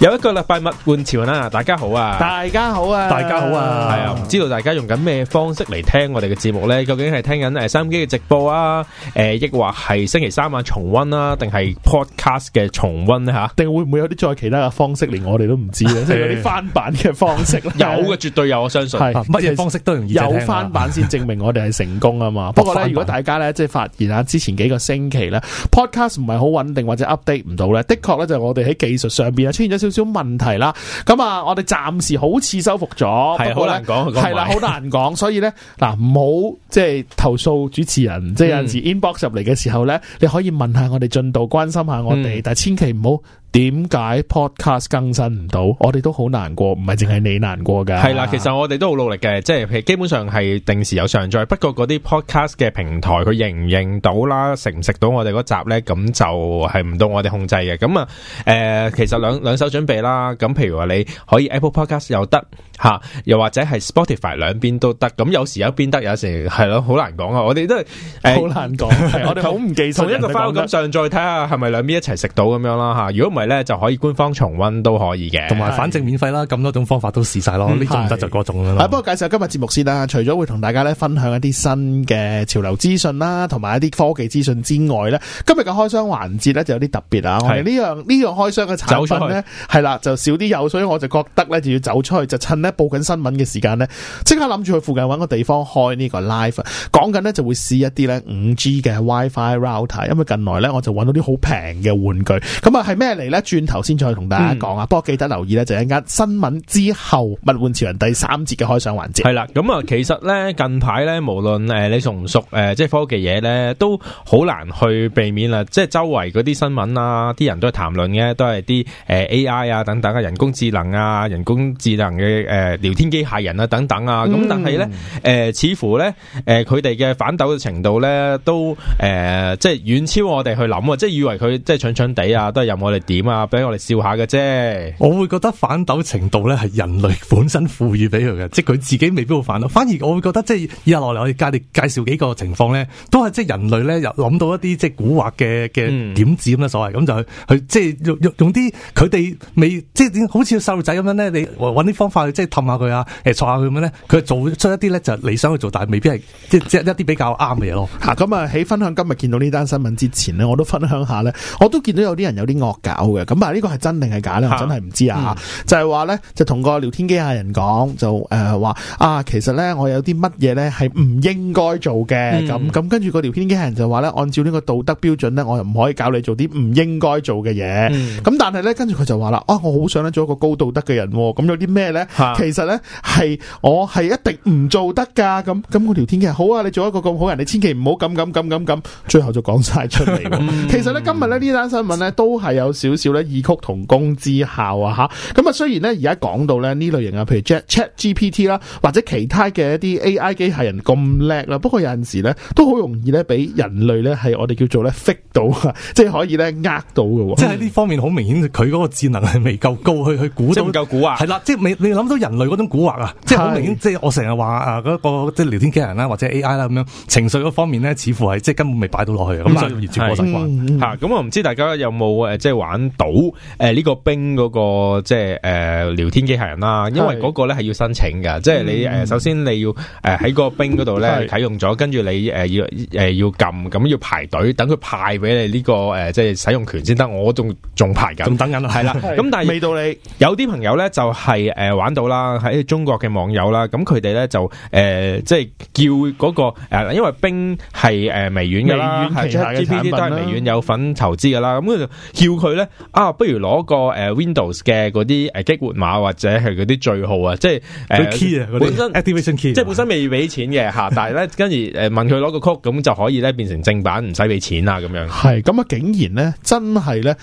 又一個禮拜物玩潮人啦，大家好啊！大家好啊！大家好啊！係啊，唔知道大家用緊咩方式嚟聽我哋嘅節目咧？究竟係聽緊誒收音機嘅直播啊？誒、呃，抑或係星期三晚重温啊？定係 podcast 嘅重温咧、啊？吓？定會唔會有啲再其他嘅方式，連我哋都唔知啊。即係嗰啲翻版嘅方式呢 有嘅，絕對有，我相信。乜 嘢方式都容易有翻版先證明我哋係成功啊嘛？ 不過咧，如果大家咧即係發現啊，之前幾個星期咧 podcast 唔係好穩定或者 update 唔到咧，的確咧就係、我哋喺技術上邊啊，出現咗少少問題啦，咁啊，我哋暫時好似收復咗，係好難講，係啦，好難講， 所以咧，嗱，唔好即係投訴主持人，嗯、即係有陣時 inbox 入嚟嘅時候咧，你可以問下我哋進度，關心下我哋，但係千祈唔好。點解 Podcast 更新唔到？我哋都好難過，唔係淨係你難過㗎。係啦，其實我哋都好努力嘅，即係譬基本上係定時有上載。不過嗰啲 Podcast 嘅平台，佢認唔認到啦，食唔食到我哋嗰集呢？咁就係唔到我哋控制嘅。咁啊，誒、呃，其實兩兩手準備啦。咁譬如話，你可以 Apple Podcast 又得。吓，又或者係 Spotify 兩邊都得，咁有時一邊得，有時係咯，好難講啊！我哋都係好難講，哎、 我哋好唔記得。同一個包咁上，再睇下係咪兩邊一齊食到咁樣啦吓。如果唔係咧，就可以官方重溫都可以嘅，同埋反正免費啦，咁多種方法都試晒咯，呢種唔得就嗰種啦。不過介紹今日節目先啦，除咗會同大家咧分享一啲新嘅潮流資訊啦，同埋一啲科技資訊之外咧，今日嘅開箱環節咧就有啲特別啊！我哋呢樣呢樣開箱嘅產品咧，係啦，就少啲有，所以我就覺得咧就要走出去，就趁報緊新聞嘅時間呢，即刻諗住去附近揾個地方開呢個 live，講緊呢就會試一啲呢五 G 嘅 WiFi router，因為近來呢我就揾到啲好平嘅玩具，咁啊係咩嚟呢？轉頭先再同大家講啊！不過記得留意呢，就係一間新聞之後物玩潮人第三節嘅開箱環節係啦。咁啊，其實呢近排呢，無論誒你熟唔熟誒，即係科技嘢呢都好難去避免啦。即係周圍嗰啲新聞啊，啲人都係談論嘅，都係啲誒 AI 啊等等啊，人工智能啊，人工智能嘅誒。誒，聊天機械人啊，等等啊，咁但係咧，誒、呃，似乎咧，誒、呃，佢哋嘅反斗嘅程度咧，都誒、呃，即係遠超我哋去諗，即係以為佢即係蠢蠢地啊，都係任我哋點啊，俾我哋笑下嘅啫。我會覺得反斗程度咧係人類本身賦予俾佢嘅，即係佢自己未必會反斗，反而我會覺得即係以下落嚟我哋介紹幾個情況咧，都係即係人類咧又諗到一啲即係蠱惑嘅嘅點子咁嘅所謂，咁就去即係用用啲佢哋未即係好似細路仔咁樣咧，你搵啲方法去即係。氹下佢啊，誒坐下佢咁樣咧，佢做出一啲咧，就你、是、想去做，但係未必係即係一啲比較啱嘅嘢咯。嚇咁啊，喺分享今日見到呢單新聞之前咧，我都分享下咧，我都見到有啲人有啲惡搞嘅。咁啊，呢個係真定係假咧？我真係唔知啊、嗯。就係話咧，就同個聊天機械人講，就誒話、呃、啊，其實咧，我有啲乜嘢咧係唔應該做嘅。咁、嗯、咁跟住個聊天機械人就話咧，按照呢個道德標準咧，我又唔可以教你做啲唔應該做嘅嘢。咁、嗯、但係咧，跟住佢就話啦，啊，我好想咧做一個高道德嘅人。咁有啲咩咧？啊其實咧，係我係一定唔做得噶，咁咁、嗰個條天嘅好啊！你做一個咁好人，你千祈唔好咁咁咁咁咁，最後就講晒出嚟 其實咧今日咧呢單新聞咧都係有少少咧異曲同工之效啊！吓咁啊，雖然咧而家講到咧呢類型啊，譬如 Chat J- Chat GPT 啦，或者其他嘅一啲 AI 機械人咁叻啦，不過有陣時咧都好容易咧俾人類咧係我哋叫做咧 t 到啊、就是，即係可以咧呃到喎。即係呢方面好、嗯、明顯，佢嗰個智能係未夠高，去去估到，夠估啊，係啦，即係你你諗到人。人類嗰種蠱惑很是啊，即係好明顯，即係我成日話啊嗰個即係聊天機器人啦，或者 AI 啦咁樣情緒嗰方面咧，似乎係即係根本未擺到落去咁，所以越做越奇怪吓。咁我唔知大家有冇誒即係玩到誒呢個 Bing 嗰個即係誒聊天機器人啦？因為嗰個咧係要申請噶，即係你誒首先你要誒喺個 Bing 嗰度咧啟用咗，跟 住你誒要誒要撳，咁要，要排隊等佢派俾你呢、這個誒、呃、即係使，使用權先得。我仲仲排緊，仲等緊係啦。咁、 嗯、但係未到你有啲朋友咧就係、是、誒、呃、玩到啦。啊！喺中國嘅網友啦，咁佢哋咧就誒、呃，即係叫嗰、那個誒，因為 Bing 係誒微軟嘅啦，係 GPT 都係微軟有份投資噶啦，咁佢、啊、就叫佢咧啊，不如攞個誒 Windows 嘅嗰啲誒激活碼或者係嗰啲序號啊，即係誒、呃、key 啊，本身 activation key，即係本身未俾錢嘅吓， 但係咧跟住誒問佢攞個曲，咁就可以咧變成正版，唔使俾錢啊咁樣。係咁啊，竟然咧真係咧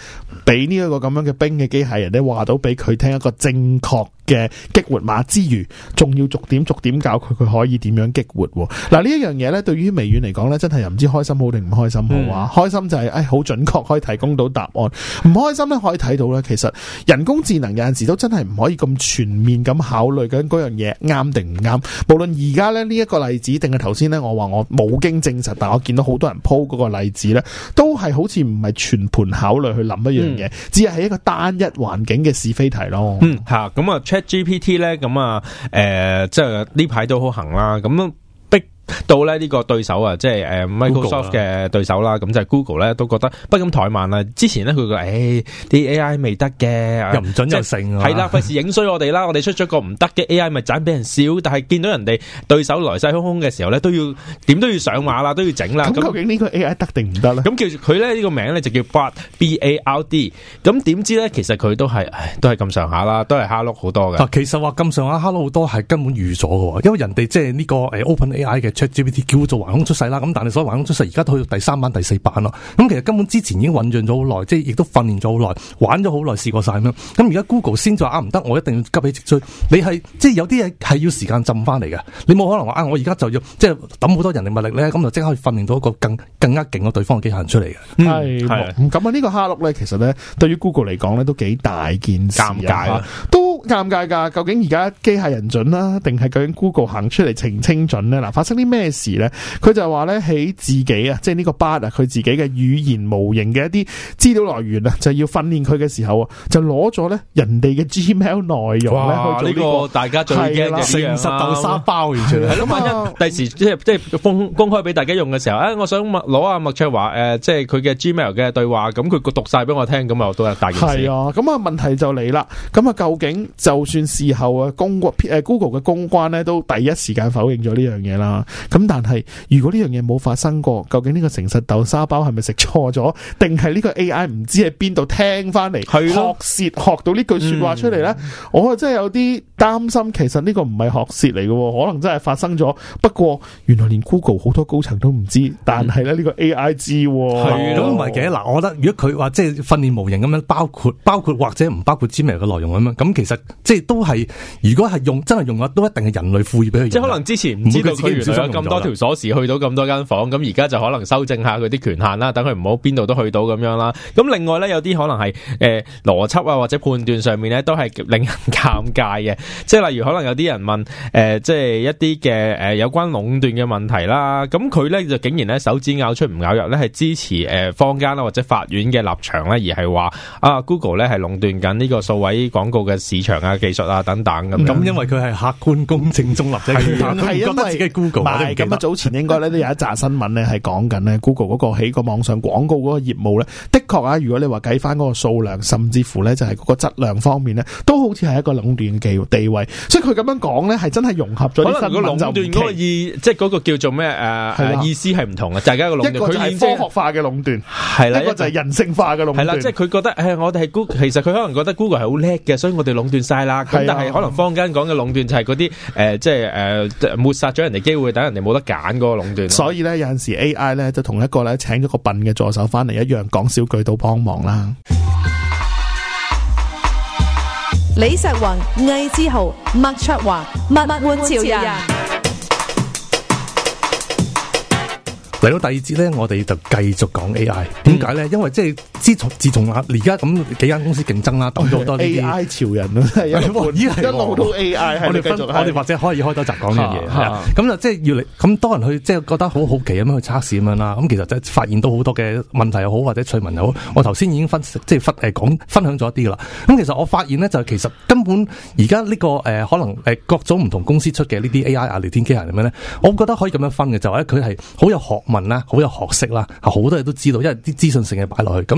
俾呢一個咁樣嘅 Bing 嘅機械人咧話到俾佢聽一個正確嘅。激活碼之餘，仲要逐點逐點教佢佢可以點樣激活。嗱呢一樣嘢咧，對於微軟嚟講咧，真係又唔知開心好定唔開心好啊、嗯！開心就係、是、誒，好準確可以提供到答案；唔開心咧，可以睇到咧，其實人工智能有陣時都真係唔可以咁全面咁考慮緊嗰樣嘢啱定唔啱。無論而家咧呢一個例子，定係頭先咧我話我冇經證實，但我見到好多人鋪嗰個例子咧，都係好似唔係全盤考慮去諗一樣嘢、嗯，只係一個單一環境嘅是非題咯。嗯，吓咁啊，ChatGPT 咧，咁啊，誒、呃，即係呢排都好行啦，咁。到咧呢個對手，對手、Google、啊，即係誒 Microsoft 嘅對手啦，咁就係 Google 咧，都覺得不禁怠慢啦。之前咧佢話，誒啲、哎、AI 未得嘅，又唔準就成係啦，費、啊、事影衰我哋啦， 我哋出咗個唔得嘅 AI，咪斬俾人笑。但係見到人哋對手來勢洶洶嘅時候咧，都要點都要上馬啦、嗯，都要整啦。咁、嗯、究竟呢個 AI 得定唔得啦，咁叫佢咧呢、這個名咧就叫 b a d b A R D。咁點知咧其實佢都係，都係咁上下啦，都係哈 o 好多嘅。其實話咁上下哈 o 好多係根本預咗嘅，因為人哋即係呢個 OpenAI 嘅。呃 open ChatGPT 叫做橫空出世啦，咁但係所謂橫空出世而家都去到第三版第四版咯。咁其實根本之前已經醞釀咗好耐，即係亦都訓練咗好耐，玩咗好耐，試過晒咁樣。咁而家 Google 先至話啊唔得，我一定要急起直追。你係即係有啲嘢係要時間浸翻嚟嘅，你冇可能話啊我而家就要即係抌好多人力物力咧，咁就即刻可以訓練到一個更更加勁嘅對方嘅機械人出嚟嘅。係係咁啊！嗯、個呢個蝦碌咧，其實咧對於 Google 嚟講咧都幾大件尷尬啊！尷尬噶，究竟而家機械人準啦，定係究竟 Google 行出嚟澄清準咧？嗱，發生啲咩事咧？佢就話咧喺自己啊，即係呢個 Bard 啊，佢自己嘅語言模型嘅一啲資料來源啊，就要訓練佢嘅時候啊，就攞咗咧人哋嘅 Gmail 內容咧，呢、這個這個大家最驚嘅，誠實豆沙包完全係咯，萬一第時即係即係公公開俾大家用嘅時候，誒、哎，我想麥攞阿麥卓華誒、呃，即係佢嘅 Gmail 嘅對話，咁佢個讀晒俾我聽，咁啊，都係大件事。係啊，咁啊，問題就嚟啦，咁啊，究竟？就算事後啊，公誒 Google 嘅公關咧都第一時間否認咗呢樣嘢啦。咁但係如果呢樣嘢冇發生過，究竟呢個誠實豆沙包係咪食錯咗，定係呢個 AI 唔知喺邊度聽翻嚟學舌學到呢句說話出嚟咧、嗯？我真係有啲擔心，其實呢個唔係學舌嚟嘅，可能真係發生咗。不過原來連 Google 好多高層都唔知，但係咧呢個 AI 知，咁唔係嘅嗱。哦、我覺得如果佢話即係訓練模型咁樣，包括包括或者唔包括 Gmail 嘅內容咁樣，咁其實。即係都係，如果係用真係用都一定係人類賦予俾佢。即係可能之前唔知道佢原來咁多條鎖匙去到咁多間房，咁而家就可能修正下佢啲權限啦，等佢唔好邊度都去到咁樣啦。咁另外咧，有啲可能係誒邏輯啊，或者判斷上面咧，都係令人尷尬嘅。即 係例如可能有啲人問誒，即、呃、係、就是、一啲嘅誒有關壟斷嘅問題啦，咁佢咧就竟然咧手指拗出唔拗入咧，係支持誒坊間啦或者法院嘅立場咧，而係話啊 Google 咧係壟斷緊呢個數位廣告嘅市場。長啊，技術啊，等等咁。咁因為佢係客觀、公正、中立啫。係，係因為唔係咁啊。早前應該咧都有一扎新聞咧，係講緊咧 Google 嗰個喺個網上廣告嗰個業務咧，的確啊，如果你話計翻嗰個數量，甚至乎咧就係嗰個質量方面咧，都好似係一個壟斷嘅地位。所以佢咁樣講咧，係真係融合咗可能個壟斷嗰個意，即係嗰個叫做咩誒，意思係唔同啊。大家個壟斷，一個就係科學化嘅壟斷，係啦，一個就係人性化嘅壟斷。係啦，即係佢覺得誒，我哋係 Google，其實佢可能覺得 Google 係好叻嘅，所以我哋壟斷。.晒啦，但係可能坊間講嘅壟斷就係嗰啲誒，即係誒、呃，抹殺咗人哋機會，等人哋冇得揀嗰個壟斷啊。所以咧，有陣時 AI 咧，就同一個咧，請一個笨嘅助手翻嚟一樣，講少句都幫忙啦。李石宏、魏之豪、麥卓華、麥煥潮人。嚟到第二節咧，我哋就繼續講 AI。點解咧？因為即係。自從自從而家咁幾間公司競爭啦，等咗好多呢啲 AI 潮人， 一路個 一路好多 AI。我哋我哋或者可以開多集講呢啲嘢，咁就即係要嚟咁多人去，即係覺得好好奇咁樣去測試咁樣啦。咁、嗯、其實就發現到好多嘅問題又好，或者趣聞又好。我頭先已經分即係分誒講分享咗一啲噶啦。咁、嗯、其實我發現呢，就其、是、實根本而家呢個誒可能誒各種唔同公司出嘅呢啲 AI 啊聊天機械咁樣呢、嗯，我覺得可以咁樣分嘅、嗯、就係佢係好有學問啦，好有學識啦，好多嘢都知道，因為啲資訊性嘅擺落去咁。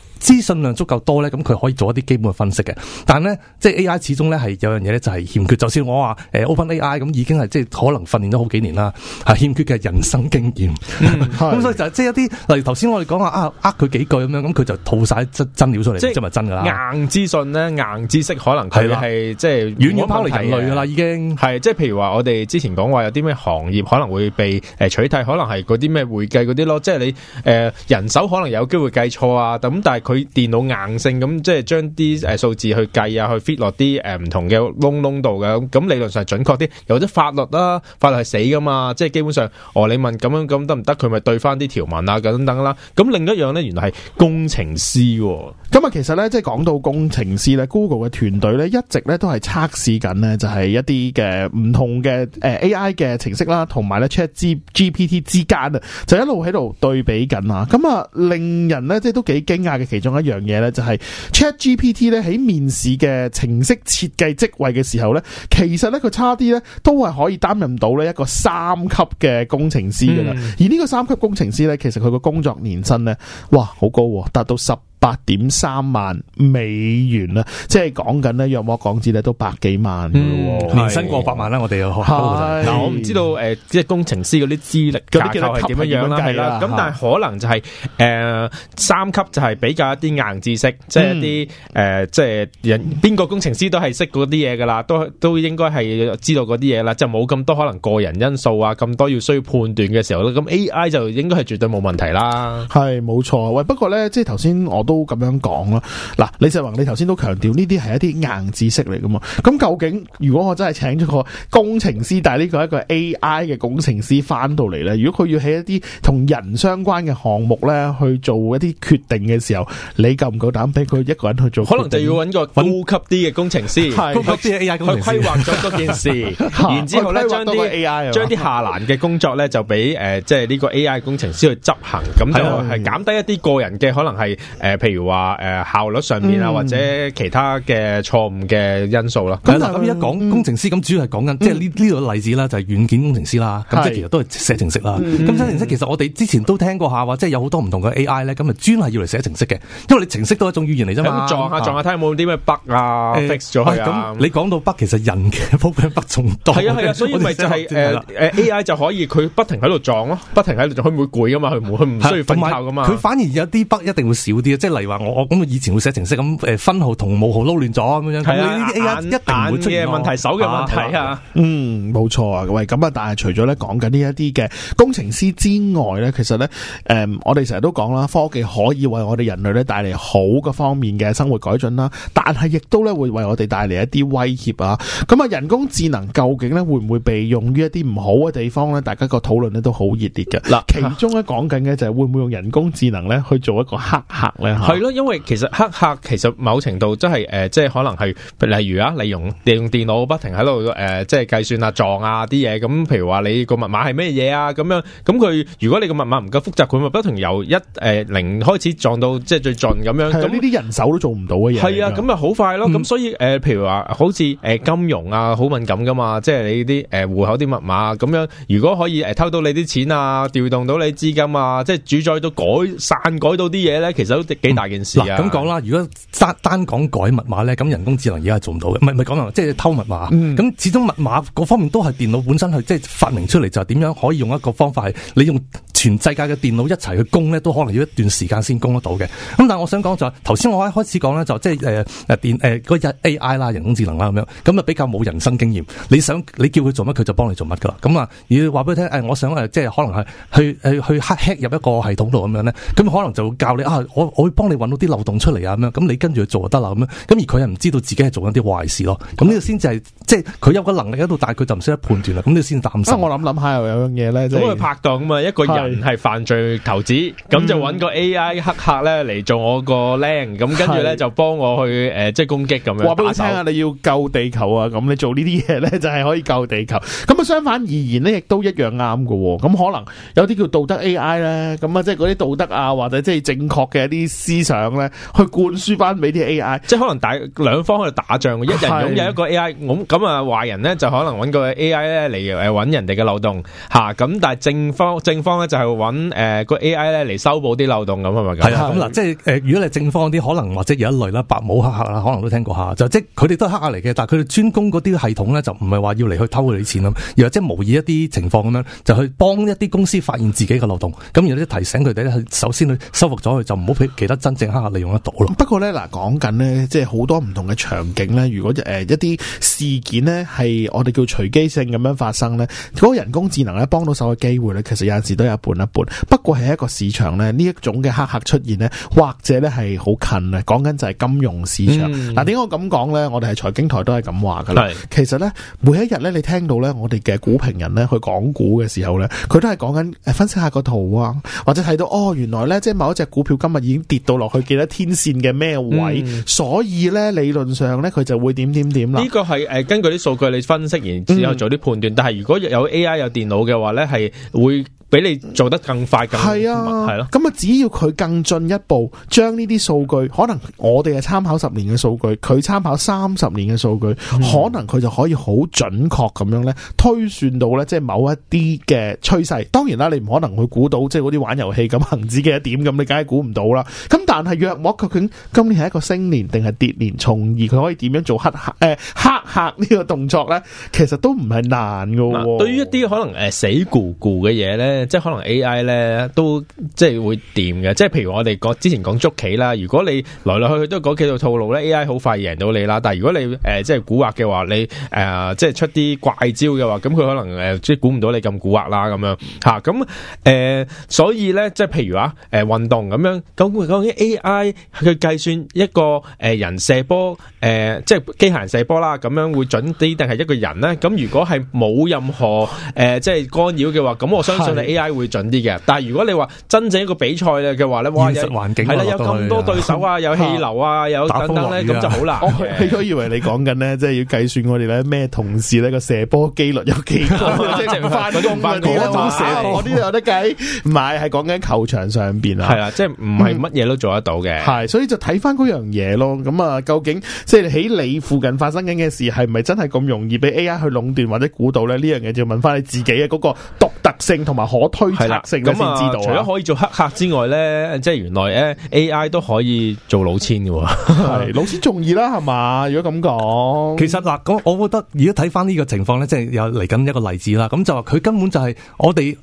資訊量足夠多咧，咁佢可以做一啲基本嘅分析嘅。但係咧，即係 A.I. 始終咧係有樣嘢咧就係欠缺。就算我話誒 Open A.I. 咁已經係即係可能訓練咗好幾年啦，係欠缺嘅人生經驗。咁、嗯、 所以就係即係一啲，例如頭先我哋講話啊，呃佢幾句咁樣，咁佢就套晒真真料出嚟，即係咪、就是、真㗎啦？硬資訊咧，硬知識可能係係即係遠遠拋離人類㗎啦，已經係即係譬如話我哋之前講話有啲咩行業可能會被誒取締，可能係嗰啲咩會計嗰啲咯，即係你誒、呃、人手可能有機會計錯啊，咁但係佢電腦硬性咁即係將啲誒數字去計啊，去 fit 落啲誒唔同嘅窿窿度嘅，咁，理論上係準確啲。又或者法律啦，法律係死噶嘛，即係基本上，哦你問咁樣咁得唔得，佢咪對翻啲條文啊等等啦。咁另一樣咧，原來係工、哦、工程師。咁啊，其實咧即係講到工程師咧，Google 嘅團隊咧一直咧都係測試緊咧，就係一啲嘅唔同嘅誒 AI 嘅程式啦，同埋呢 Chat G GPT 之間啊，就一路喺度對比緊啊。咁啊，令人咧即係都幾驚訝嘅其。仲有一樣嘢咧，就係 ChatGPT 咧喺面試嘅程式設計職位嘅時候咧，其實咧佢差啲咧都係可以擔任到咧一個三級嘅工程師噶啦，嗯，而呢個三級工程師咧，其實佢個工作年薪咧，哇，好高，達到十。八點三萬美元啦，即係講緊咧，約莫港紙咧都百幾萬，嗯，年薪過百萬啦，我哋有啊，嗱我唔知道誒、呃，即係工程師嗰啲資歷級別係點樣樣啦，係、啊、啦，咁但係可能就係、是、誒、呃、三級就係比較一啲硬知識，即係一啲誒、嗯呃、即係人邊個工程師都係識嗰啲嘢噶啦，都都應該係知道嗰啲嘢啦，就冇咁多可能個人因素啊，咁多要需要判斷嘅時候咧，咁 AI 就應該係絕對冇問題啦，係冇錯喂，不過咧即係頭先我都。都咁樣講咯，嗱，李世宏，你頭先都強調呢啲係一啲硬知識嚟噶嘛？咁究竟如果我真係請咗個工程師，但係呢個係一個 AI 嘅工程師翻到嚟咧，如果佢要喺一啲同人相關嘅項目咧去做一啲決定嘅時候，你夠唔夠膽俾佢一個人去做？可能就要揾個高級啲嘅工程師，高級啲嘅 AI 工程師去規劃咗嗰件事，然之後咧將啲 AI 將啲下欄嘅工作咧就俾誒，即係呢個 AI 工程師去執行，咁就係減低一啲個人嘅可能係誒。譬如話誒、呃、效率上面啊、嗯，或者其他嘅錯誤嘅因素啦。咁、嗯、但咁而家講工程師咁，主要係講緊即係呢呢個例子啦，就係、是、軟件工程師啦。咁、嗯、即係其實都係寫程式啦。咁、嗯、寫程式其實我哋之前都聽過下話，即係有好多唔同嘅 A I 咧，咁啊專係要嚟寫程式嘅。因為你程式都係一種語言嚟啫嘛。撞下撞下睇下有冇啲咩 bug 啊、欸、fix 咗啊。咁、欸、你講到 bug，其實人嘅方面 bug 仲多。係啊係啊，所以咪就係、是、誒誒 A I 就可以佢不停喺度撞咯， 不停喺度撞，佢唔會攰噶嘛，佢唔佢唔需要瞓覺噶嘛。佢反而有啲 bug 一定會少啲即例如話我我咁以前會寫程式咁，誒、分號同冒號撈亂咗咁樣，係呢啲一一定會出嘅問題，手嘅問題啊。嗯，冇錯啊。喂，咁啊，但係除咗咧，講緊呢一啲嘅工程師之外咧，其實咧，誒，我哋成日都講啦，科技可以為我哋人類咧帶嚟好嘅方面嘅生活改進啦，但係亦都咧會為我哋帶嚟一啲威脅啊。咁啊，人工智能究竟咧會唔會被用於一啲唔好嘅地方咧？大家個討論咧都好熱烈嘅。嗱、啊，其中咧講緊嘅就係會唔會用人工智能咧去做一個黑客咧？係咯，因為其實黑客其實某程度真係誒，即係可能係例如啊，利用利用電腦不停喺度誒，即係計算啊、撞啊啲嘢。咁譬如話你個密碼係咩嘢啊？咁樣，咁佢如果你個密碼唔夠複雜，佢咪不停由一誒、呃、零開始撞到即係最盡咁樣。咁呢啲人手都做唔到嘅嘢。係啊，咁咪好快咯。咁、嗯、所以誒、呃，譬如話好似誒金融啊，好敏感噶嘛。即係你啲誒戶口啲密碼咁樣，如果可以誒、呃、偷到你啲錢啊，調動到你資金啊，即係主宰到改散改到啲嘢咧，其實幾大件事啊咁講啦，如果單單講改密碼咧，咁人工智能而家係做唔到嘅，唔係唔係講即係偷密碼。咁、嗯、始終密碼嗰方面都係電腦本身去，即係發明出嚟就係點樣可以用一個方法係你用全世界嘅電腦一齊去攻咧，都可能要一段時間先攻得到嘅。咁但係我想講就頭、係、先我一開始講咧，就即係誒誒電嗰日、啊那個、AI 啦，人工智能啦咁樣，咁就比較冇人生經驗。你想你叫佢做乜，佢就幫你做乜㗎啦。咁啊，要話俾佢聽，誒，我想即係可能係去去去，去，去，去，hack 入一個系統度咁樣咧，咁可能就會教你啊，我我。幫你揾到啲漏洞出嚟啊！咁樣，咁你跟住做就得啦，咁樣，咁而佢又唔知道自己係做緊啲壞事咯。咁呢個先至係，即係佢有個能力喺度，但係佢就唔識得判斷啦。咁你先擔心。啊、我諗諗下又有樣嘢咧，即、就、係、是、拍檔咁嘛，一個人係犯罪頭子，咁就揾個 A I 黑客咧嚟做我個僆，咁跟住咧就幫我去誒，即係、呃就是、攻擊咁樣。話俾你聽啊，你要救地球啊！咁你做呢啲嘢咧，就係可以救地球。咁啊，相反而言呢，亦都一樣啱嘅。咁可能有啲叫道德 A I 咧，咁啊，即係嗰啲道德啊，或者即係正確嘅一啲。思想咧，去灌輸翻俾啲 AI，即係可能大兩方喺度打仗，一人擁有一個 AI，咁咁啊壞人咧就可能揾個 AI 咧嚟誒揾人哋嘅漏洞吓，咁但係正方正方咧就係揾誒個 AI 咧嚟修補啲漏洞咁啊嘛，係咁嗱，即係誒、呃，如果你正方啲可能或者有一類啦，白帽黑客啦，可能都聽過吓，就即係佢哋都係黑客嚟嘅，但係佢哋專攻嗰啲系統咧就唔係話要嚟去偷你啲錢咯，又或者模擬一啲情況咁樣，就去幫一啲公司發現自己嘅漏洞，咁而咧提醒佢哋咧首先去修復咗佢，就唔好俾其真正黑客利用得到咯。不過咧，嗱，講緊呢即係好多唔同嘅場景呢。如果誒、呃、一啲事件呢，係我哋叫隨機性咁樣發生呢，嗰個人工智能咧幫到手嘅機會呢，其實有陣時都有一半一半。不過係一個市場呢，呢一種嘅黑客出現呢，或者呢係好近啊。講緊就係金融市場。嗱，嗯，點解我咁講呢？我哋係財經台都係咁話噶啦。其實呢，每一日呢，你聽到呢我哋嘅股評人呢去講股嘅時候呢，佢都係講緊分析下個圖啊，或者睇到哦，原來呢，即係某一隻股票今日已經跌。到落去記得天線嘅咩位，嗯，所以咧理論上咧佢就會點點點啦。呢個係誒根據啲數據你分析，然之後做啲判斷，嗯。但係如果有 AI 有電腦嘅話咧，係會。俾你做得更快，係啊，係咯。咁啊，只要佢更進一步，將呢啲數據，可能我哋係參考十年嘅數據，佢參考三十年嘅數據，嗯、可能佢就可以好準確咁樣咧推算到咧，即係某一啲嘅趨勢。當然啦，你唔可能去估到即係嗰啲玩遊戲咁恆指嘅一點咁，你梗係估唔到啦。咁但係約莫，究竟今年係一個升年定係跌年，從而佢可以點樣做黑客？誒、呃、黑客呢個動作咧？其實都唔係難噶、啊。對於一啲可能誒、呃、死咕咕嘅嘢咧。即係可能 A.I. 咧都即係會掂嘅，即係譬如我哋講之前講捉棋啦，如果你來來去去都嗰幾套套路咧，A.I. 好快贏到你啦。但係如果你誒、呃、即係蠱惑嘅話，你誒、呃、即係出啲怪招嘅話，咁佢可能誒、呃、即係估唔到你咁蠱惑啦咁樣吓。咁、啊、誒、嗯呃，所以咧即係譬如啊，誒、呃、運動咁樣咁究竟 A.I. 佢計算一個誒、呃、人射波誒、呃，即係機械人射波啦，咁樣會準啲定係一個人咧？咁如果係冇任何誒、呃、即係干擾嘅話，咁我相信你。A.I. 會準啲嘅，但係如果你話真正一個比賽咧嘅話咧，哇，環境係啦，有咁多對手啊，有氣流啊，有等等咧，咁就好難。我起初以為你講緊咧，即係要計算我哋咧咩同事咧個射波機率有幾多，即係翻翻啲，講翻啲。我呢度有得計，唔係係講緊球場上邊啊，係啊，即係唔係乜嘢都做得到嘅，係。所以就睇翻嗰樣嘢咯。咁啊，究竟即係喺你附近發生緊嘅事，係咪真係咁容易俾 A.I. 去壟斷或者估到咧？呢樣嘢就要問翻你自己啊，嗰個讀性同埋可推測性咁啊知道，除咗可以做黑客之外咧， 即係原來咧 AI 都可以做老千嘅，老千仲易啦，係嘛？如果咁講， 其實嗱，我覺得而家睇翻呢個情況咧，即係有嚟緊一個例子啦。咁就話佢根本就係我哋